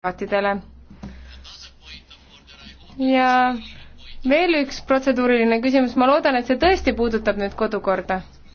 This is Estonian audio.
kandidaatidele. ja veel üks protseduuriline küsimus, ma loodan, et see tõesti puudutab nüüd kodukorda